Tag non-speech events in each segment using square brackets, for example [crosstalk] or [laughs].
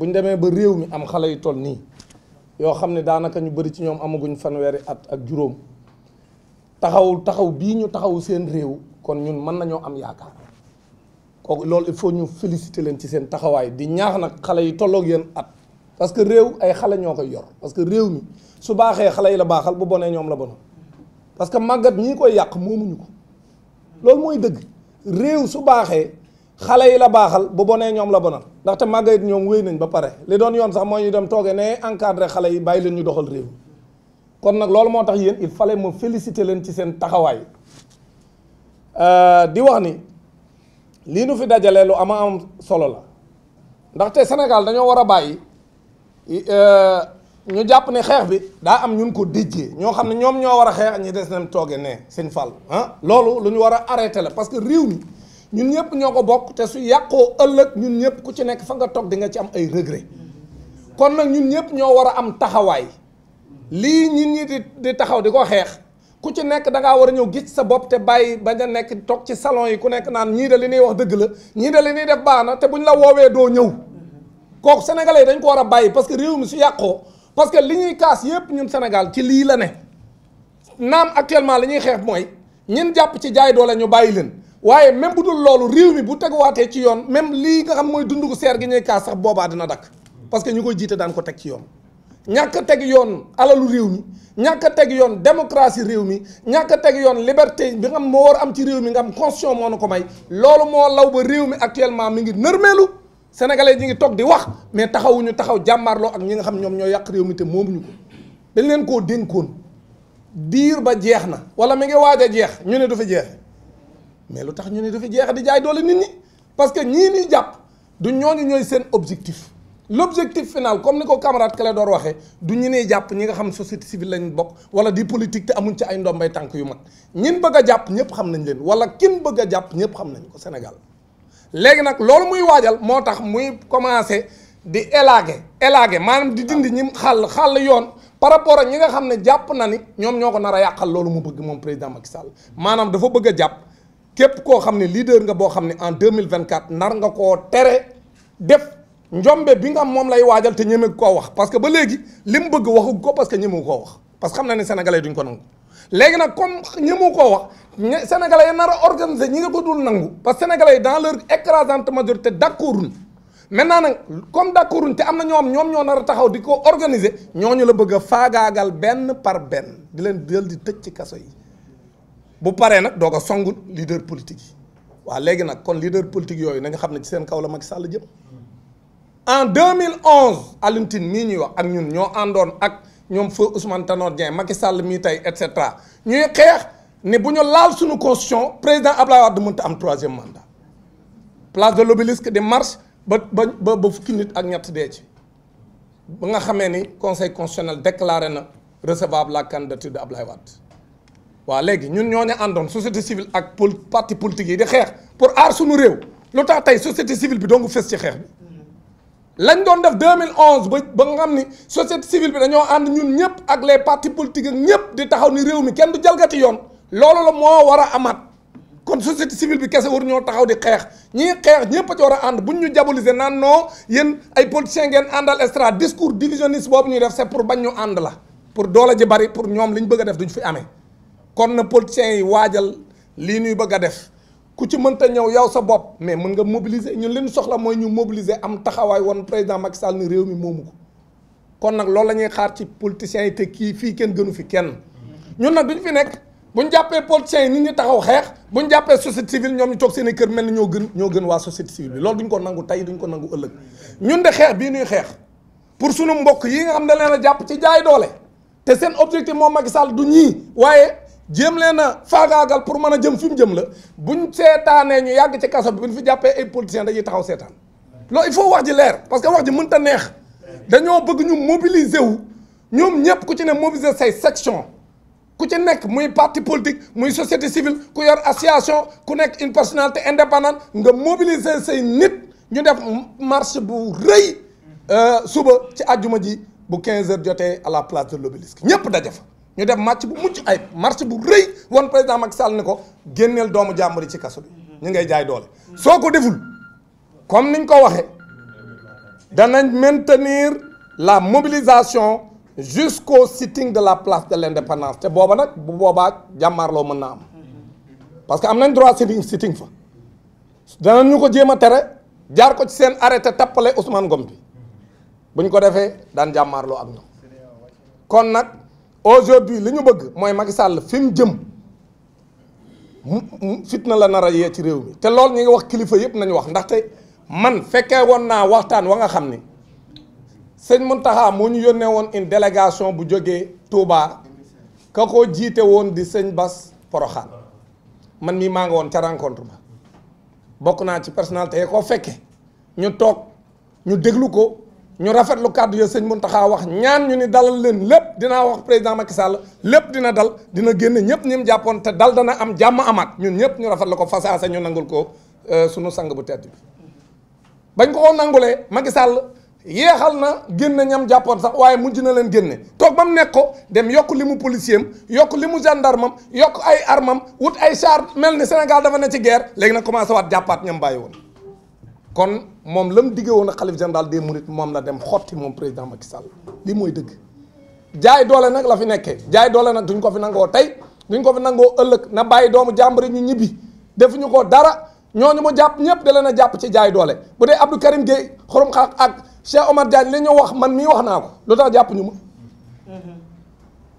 bu ñu demee ba réew mi am xale yu toll nii yoo xam ne daanaka ñu bëri ci ñoom amaguñ fanweeri at ak juróom taxawul taxaw bii ñu taxaw seen réew kon ñun mën nañoo am yaakaar kooku loolu il faut ñu féliciter leen ci seen taxawaay di ñaax nag xale yi tollook yéen at parce que réew ay xale ñoo ko yor parce que réew mi su baaxee xale yi la baaxal bu bonee ñoom la bon parce que màggat ñii koy yàq moomuñu ko loolu mooy dëgg réew su baaxee xale yi la baaxal bu bonee ñoom la bonal ndaxte màgga it ñoom wéy nañ ba pare li doon yoon sax mooy ñu dem toogee ne encadré xale yi bàyyi leen ñu doxal réew kon nag loolu moo tax yéen il fallait ma féliciter leen ci seen taxawaay euh, di wax ni lii nu fi dajalee lu ama am solo la ndaxte Sénégal dañoo war a bàyyi euh, ñu jàpp ne xeex bi daa am ñun ko dijjee ñoo xam ne ñoom ñoo war a xeex ñi des nañ toogee ne seen fal ah loolu lu ñu war a arrêté la parce que réew mi ñun ñëpp ñoo ko bokk te su yàqoo ëllëg ñun ñëpp ku ci nekk fa nga toog di nga ci am ay regret kon nag ñun ñëpp ñoo war a am taxawaay lii ñun ñi di di taxaw di ko xeex ku ci nekk da ngaa war a ñëw gis sa bopp te bàyyi bañ a nekk toog ci salon yi ku nekk naan ñii de li ñuy wax dëgg la ñii de li ñuy def baax na te buñ la woowee doo ñëw kooku sénégalais dañ ko war a bàyyi parce que réew mi su yàqoo parce que li ñuy kaas yëpp ñun Sénégal ci lii la ne naam actuellement li ñuy xeex mooy ñun jàpp ci jaay doole ñu bàyyi leen. waaye même bu dul loolu réew mi bu teguwaatee ci yoon même lii nga xam mooy dund ko seer gi ñuy kaas sax boobaa dina dakk parce que ñu koy jiite daan ko teg ci yoon ñàkk teg yoon alalu réew mi ñàkk teg yoon démocratie réew mi ñàkk teg yoon liberté bi nga xam moo war am ci réew mi nga am constitution moo na ko may loolu moo law ba réew mi actuellement mu ngi nërmeelu sénégalais ñi ngi toog di wax mais taxawuñu taxaw jàmmaarloo ak ñi nga xam ñoom ñoo yàq réew mi te moomuñu dañ leen koo dénkoon diir ba jeex na wala mi ngi waaj a jeex ñu ne du jeex mais lu tax ñu ne dafa jeex di jaay doole nit ñi parce que ñii ñuy jàpp du ñooñu ñooy seen objectif l' objectif final comme ni ko camarade Clédor waxee du ñu nee jàpp ñi nga xam ne société civile lañ bokk wala di politique te amuñ ci ay ndombay tànk yu mag ñin bëgg a jàpp ñëpp xam nañ leen wala kin bëgg a jàpp ñëpp xam nañ ko senegal léegi nag loolu muy waajal moo tax muy commencé di élagué élagué maanaam di dindi ñi xàll xàll yoon par rapport ak ñi nga xam ne jàpp na ni ñoom ñoo ko nar a yàqal loolu mu bëgg moom président Macky Sall maanaam bëgg a jàpp képp koo xam ne leader nga boo xam ne en deux mille vingt quatre nar nga koo tere def njombe bi nga am moom lay waajal te ñeme koo wax parce que ba léegi li mu bëgg waxu ko parce que ñemewu koo wax parce que xam na ne sénégalais duñ ko nangu. léegi nag comme ñemewu koo wax ña sénégalais nar a organiser ñi nga ko dul nangu parce que sénégalais yi dans leur écrasante majorité d' accord maintenant nag comme d' accord te am na ñoom ñoom ñoo nar a taxaw di ko organiser ñooñu la bëgg a faagaagal benn par benn di leen jël di tëj ci kaso yi. bu paree nag doog a songu leader politique yi waaw léegi nag kon leader politique yooyu na nga xam ne ci seen kaw la Macky Sall jëm en 2011 Alioune Tine mii ñuy wax ak ñun ñoo àndoon ak ñoom feu Ousmane Tanor Dieng Sall mii tey et cetera ñuy xeex ne bu ñu laal suñu constitution président Abdoulaye Wade mënta am troisième mandat place de l'Obélisque di marche ba ba ba fukki nit ak ñetti dee ci ba nga xamee ni conseil constitutionnel déclaré na recevable la candidature de Abdoulaye Wade waa léegi ñun ñoo ñu àndoon société civile ak pol parti politique yi di xeex pour aar suñu réew lu tax tey société civile bi dong fës ci xeex bi lañ doon def 2011 ba ba nga xam ni société civile bi dañoo ànd ñun ñëpp ak les partis politiques ak ñëpp di taxaw ni réew mi kenn du jalgati yoon loolu la moo war a amaat kon société civile bi kese war ñoo taxaw di xeex ñii xeex ñëpp a ci war a ànd buñ ñu diaboliser naan noo yéen ay politiciens ngeen àndal extra discours divisionniste boobu ñuy def c'est pour bañ ñu ànd la pour doole ji bari pour ñoom li bëgg def duñ fi amee. kon na politiciens yi waajal lii ñuy bëgg a def ku ci mënta ñëw yow sa bopp mais mën nga mobiliser ñun li soxla mooy ñu mobiliser am taxawaay woon président Macky Sall réew mi moomu ko kon nag loolu la ñuy xaar ci politiciens yi te kii fii kenn gënu fi kenn ñun nag duñ fi nekk bu ñu jàppee politiciens yi nit ñu taxaw xeex bu ñu jàppee société civile ñoom ñu toog seen i kër mel ni ñoo gën ñoo gën waa société civile bi lool duñ ko nangu tey duñ ko nangu ëllëg ñun de xeex bii ñuy xeex pour sunu mbokk yi nga xam ne leen a jàpp ci jaay doole te seen objectif moom Macky Sall du ñii waaye jéem leen a faagaagal pour mën a jëm fi jëm la buñ seetaanee ñu yàgg ci kaso bi buñ fi jàppee ay politiciens dañuy taxaw seetaan loolu il faut wax ji leer parce que wax ji mënta neex dañoo bëgg ñu mobiliser wu ñoom ñëpp ku ci ne mobiliser say section ku ci nekk muy parti politique muy société civile ku yor association ku nekk une personnalité indépendante nga mobiliser say nit ñu def marché bu rëy euh, suba ci àjjuma ji bu 15 heures jotee à la place de l'obélisque ñëpp daje fa ñu def match bu mucc ay marché bu rëy wan président Macky Sall ni ko génneel doomu jàmbur ci kaso bi ñu ngay jaay doole soo ko deful comme niñ ko waxee danañ maintenir la mobilisation jusqu'au sitting de la place de l'indépendance te booba nag bu boobaa jàmmaarloo mën naa am parce que am nañ droit sitting sitting fa danañ ñu ko jéem a tere jaar ko ci seen arrêté tappale Ousmane Ngom bi buñ ko defee daan jàmmaarloo ak ñoom kon nag aujourd'hui li ñu bëgg mooy Macky Sall fi mu jëm fitna la nar a yee ci réew mi te lool ñu ngi wax kilifa yëpp nañu wax ndaxte man fekkee woon naa waxtaan wa nga xam ni sëñ Mountakha moo ñu yónnee woon une délégation bu jógee Touba ka ko jiite woon di sëñ Bas Poroxaan man mii maa ngi woon ca rencontre ba bokk naa ci personnalité yi koo fekke ñu toog ñu déglu ko ñu lu kàddu ya sëñ Mountakha wax ñaan ñu ni dalal leen lépp dina wax président Macky Sall lépp dina dal dina génn ñëpp ñi jàppoon te dal dana am jàmm amaat ñun ñëpp ñu rafetlu ko fasaasa ñu nangul ko euh, sunu sang bu tedd bi. bañ ko ko nangulee Macky Sall yeexal na génne ñam jàppoon sax waaye mujj na leen génne toog ba mu nekk ko dem yokk li mu policier am yokk li mu gendarme am yokk ay armam wut ay char mel ni Sénégal dafa ne ci guerre léegi nag commencé waat jàppaat ñam bàyyi woon moom la mu diggee woon ak xalif général des mourides moom la dem xotti moom président Macky Sall lii mooy dëgg jaay doole nag la fi nekkee jaay doole nag duñ ko fi nangoo tey duñ ko fi nangoo ëllëg na bàyyi doomu jàmbur ñi ñibbi defuñu ko dara ñoo ñooñu mu jàpp ñëpp da leen a jàpp ci jaay doole bu dee Abdou Karim Gueye xorom xaq ak Cheikh Omar Diagne li ñu wax man mii wax naa ko lu tax jàpp ñu ma mm-hmm.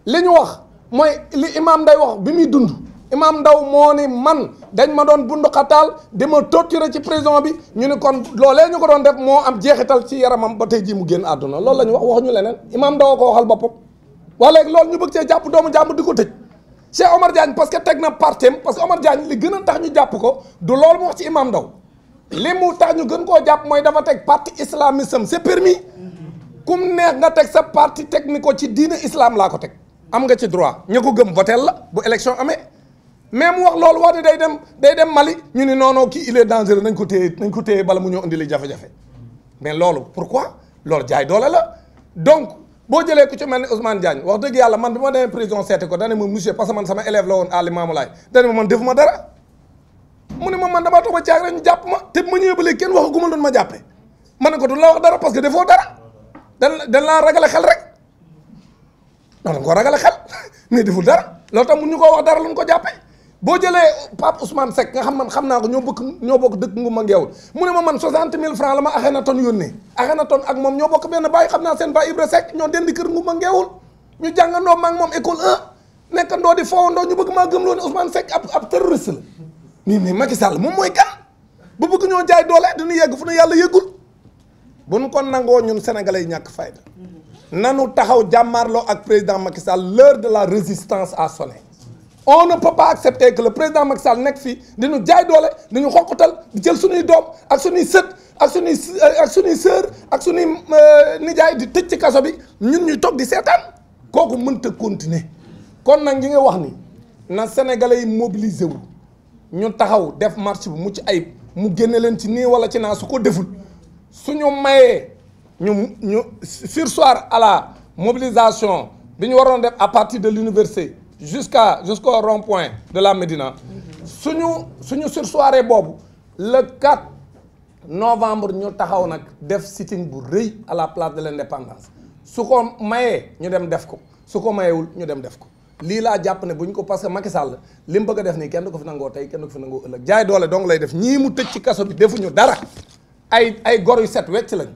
li ñu wax mooy li imam day wax bi muy dund imam Ndaw moo ni man dañ ma doon bundu xataal di ma torturer ci prison bi ñu ni kon loolee ñu ko doon def moo am jeexital ci yaramam ba tey jii mu génn àdduna loolu la ñu wax waxuñu leneen imam Ndaw ko waxal boppam waa léegi lool ñu bëgg cee jàpp doomu jàmm di ko tëj Cheikh Omar Diagne parce que teg na partem parce que Omar Diagne li gën a tax ñu jàpp ko du loolu mu wax ci imam Ndaw li mu tax ñu gën koo jàpp mooy dafa teg parti islamiste am c'est permis kum neex nga teg sa parti teg ko ci diine islam laa ko teg am nga ci droit ña ko gëm votel la bu élection amee mais mu wax loolu woote day dem day dem Mali ñu ni noonoo kii il est dangereux nañ ko téye nañ ko téye bala mu ñëw indi li jafe-jafe mais loolu pourquoi loolu jaay doole la donc boo jëlee ku ci mel ni Ousmane Diagne wax dëgg yàlla man bi ma demee prison seeti ko dane ma monsieur parce que man sama élève la woon Ali Mamoulaye dane ma mu ne ma man damaa toog ba caag rek ñu jàpp ma te ma ñëwee ba léegi kenn waxaguma doon ma jàppee ma jàppe ne ko du la wax dara parce que defoo dara dan dan laa ragale xel rek non dañ ko ragale xel [laughs] mais deful dara loolu tax mu ñu ko wax dara lu ñu ko jàppe boo jëlee Pape Ousmane Seck nga xam man xam naa ko ñoo bokk ñoo bokk dëkk nguma ngeewul mu ne ma man 60 000 francs la ma Akhenaton yónnee Akhenaton ak moom ñoo bokk benn baay xam naa seen baay Ibra Seck ñoo dendi kër nguma ngeewul ñu jàngandoo ma ak moom école 1 nekkandoo di foowandoo ñu bëgg maa gëmloo ne Ousmane Seck ab ab terroriste la nii mais Macky Sall moom mooy kan ba bëgg ñoo jaay doole duñu yegg fu nu yàlla yëggul nu ko nangoo ñun sénégalais yi ñàkk fayda mm-hmm. nanu taxaw jàmmaarloo ak président Macky Sall l'heure de la résistance a sonné on ne peut pas accepter que le président Macky Sall nekk fii di ñu jaay doole di ñu xoqatal di jël suñuy doom ak suñuy sët ak suñuy euh, ak suñuy sœur ak suñuy euh, nijaay di tëj ci kaso bi ñun ñuy toog di seetaan kooku mënta continuer kon nag ñi nga wax ni na sénégalais yi mobiliser wu ñu taxaw def marché bu mucc ayib mu génne leen ci nii wala ci naa su ko deful suñu mayee ñu ñu sursoir à la mobilisation bi ñu waroon def à partir de l'université jusqu'à jusqu'au rond-point de la Médina suñu suñu sursoirée boobu la 4 novembre ñu taxaw nag def sitting bu rëy à la place de l'indépendance su ko mayee ñu dem def ko su ko mayewul ñu dem def ko lii laa jàpp ne bu ñu ko parce que Macky Sall li mu bëgg def nii kenn ko fi nangoo tey kenn du ko fi nangoo ëllëg jaay doole dong lay def ñii mu tëj ci kaso bi defuñu dara ay ay gor yu set wecc lañ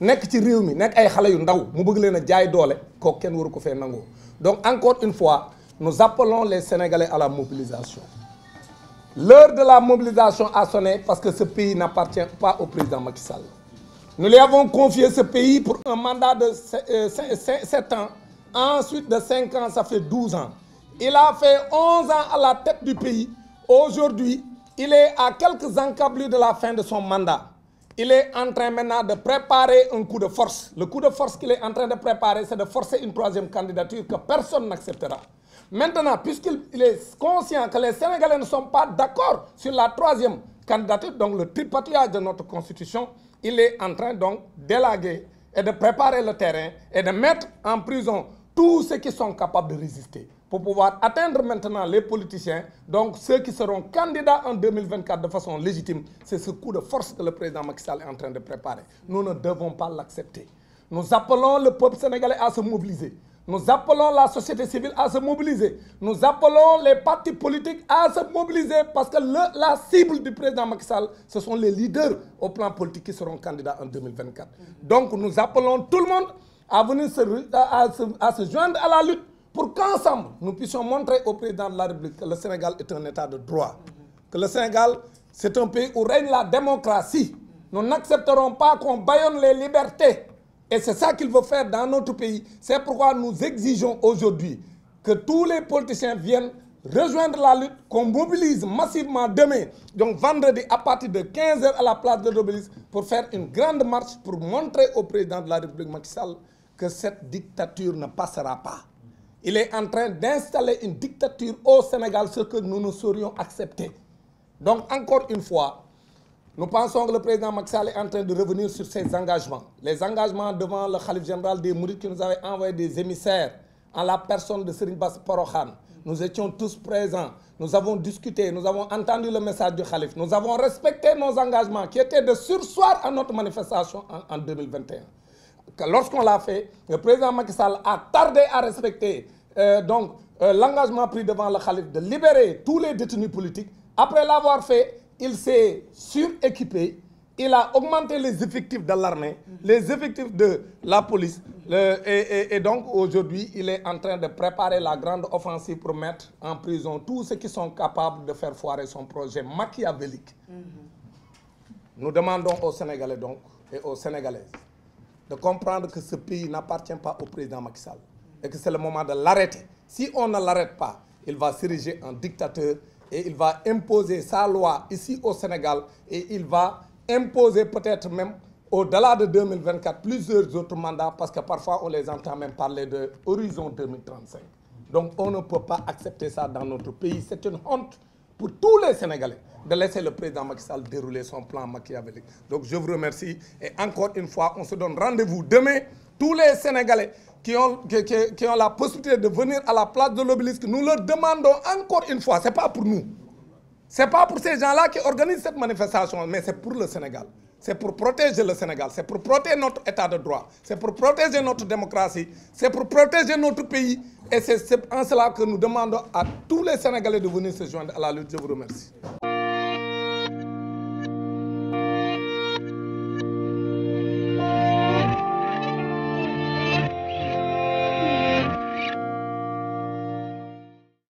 nekk ci réew mi nekk ay xale yu ndaw mu bëgg leen a jaay doole kooku kenn waru ko fee nangoo donc encore une fois nous appelons les Sénégalais à la mobilisation. L'heure de la mobilisation a sonné parce que ce pays n'appartient pas au président Macky Sall. Nous lui avons confié ce pays pour un mandat de 7 euh, ans, ensuite de 5 ans, ça fait 12 ans. Il a fait 11 ans à la tête du pays. Aujourd'hui, il est à quelques encablures de la fin de son mandat. Il est en train maintenant de préparer un coup de force. Le coup de force qu'il est en train de préparer, c'est de forcer une troisième candidature Maintenant, puisqu'il est conscient que les Sénégalais ne sont pas d'accord sur la troisième candidature, donc le tripatouillage de notre constitution, il est en train donc d'élaguer et de préparer le terrain et de mettre en prison tous ceux qui sont capables de résister pour pouvoir atteindre maintenant les politiciens, donc ceux qui seront candidats en 2024 de façon légitime. C'est ce coup de force que le président Macky est en train de préparer. à se Nous appelons la société civile à se mobiliser. Nous appelons les partis politiques à se mobiliser parce que le, la cible du président Macky Sall, ce sont les leaders au plan politique qui seront candidats en 2024. Donc nous appelons tout le monde à venir à, à, se, joindre à la lutte pour qu'ensemble nous puissions montrer au président de la République que le Sénégal est un état de droit, que le Sénégal c'est un pays où règne la démocratie. Nous n'accepterons pas qu'on Et c'est ça qu'il veut faire dans notre pays. C'est pourquoi nous exigeons aujourd'hui que tous les politiciens viennent rejoindre la lutte, qu'on mobilise massivement demain, donc vendredi à partir de 15h à la place de l'Obélisque, pour faire une grande marche pour montrer au président de la République Macky Sall que cette dictature ne passera pas. Il est en train d'installer une dictature au Sénégal, ce que nous ne saurions accepter. Donc encore une fois, Nous pensons que le président Maxal est en train de revenir sur ses engagements. Les engagements devant le Khalif général des Mourides qui nous avait envoyé des émissaires en la personne de Serigne Bass Nous étions tous présents, nous avons discuté, nous avons respecté nos engagements qui étaient de sursoir à notre manifestation en, Lorsqu'on l'a fait, le président Macky Sall a tardé à respecter euh, donc euh, l'engagement pris devant le Khalif de libérer tous les détenus Après l'avoir il s'est suréquipé il a augmenté les effectifs de l'armée mhm. les effectifs de la police le, et, et, et donc aujourd'hui il est en train de préparer la grande offensive pour mettre en prison tout ceux qui sont capables de faire foirer son projet machiavélique mhm. nous demandons aux Sénégalais donc et aux Sénégalaises de comprendre que ce pays n'appartient pas au président Macky Sall et que c'est le moment de l'arrêter si on ne l'arrête pas il va s'ériger en dictateur et il va imposer sa loi ici au Sénégal et il va imposer peut-être même au-delà de 2024 plusieurs autres mandats parce que parfois on les entend même parler de horizon 2035. Donc on ne peut pour tous les Sénégalais de laisser le président Macky son plan machiavélique. Donc je encore une fois, on se donne rendez-vous tous les Sénégalais qui ont, qui, qui, qui la possibilité de venir à la place de l'obélisque, nous leur demandons encore une fois, ce n'est pas pour nous. Ce pas pour ces gens-là qui organisent cette manifestation, mais c'est pour le Sénégal. C'est pour protéger le Sénégal, c'est pour protéger notre état de droit, c'est pour protéger notre démocratie, c'est pour protéger notre pays. Et c'est en cela que nous demandons à tous les Sénégalais de venir se joindre à la lutte. Je vous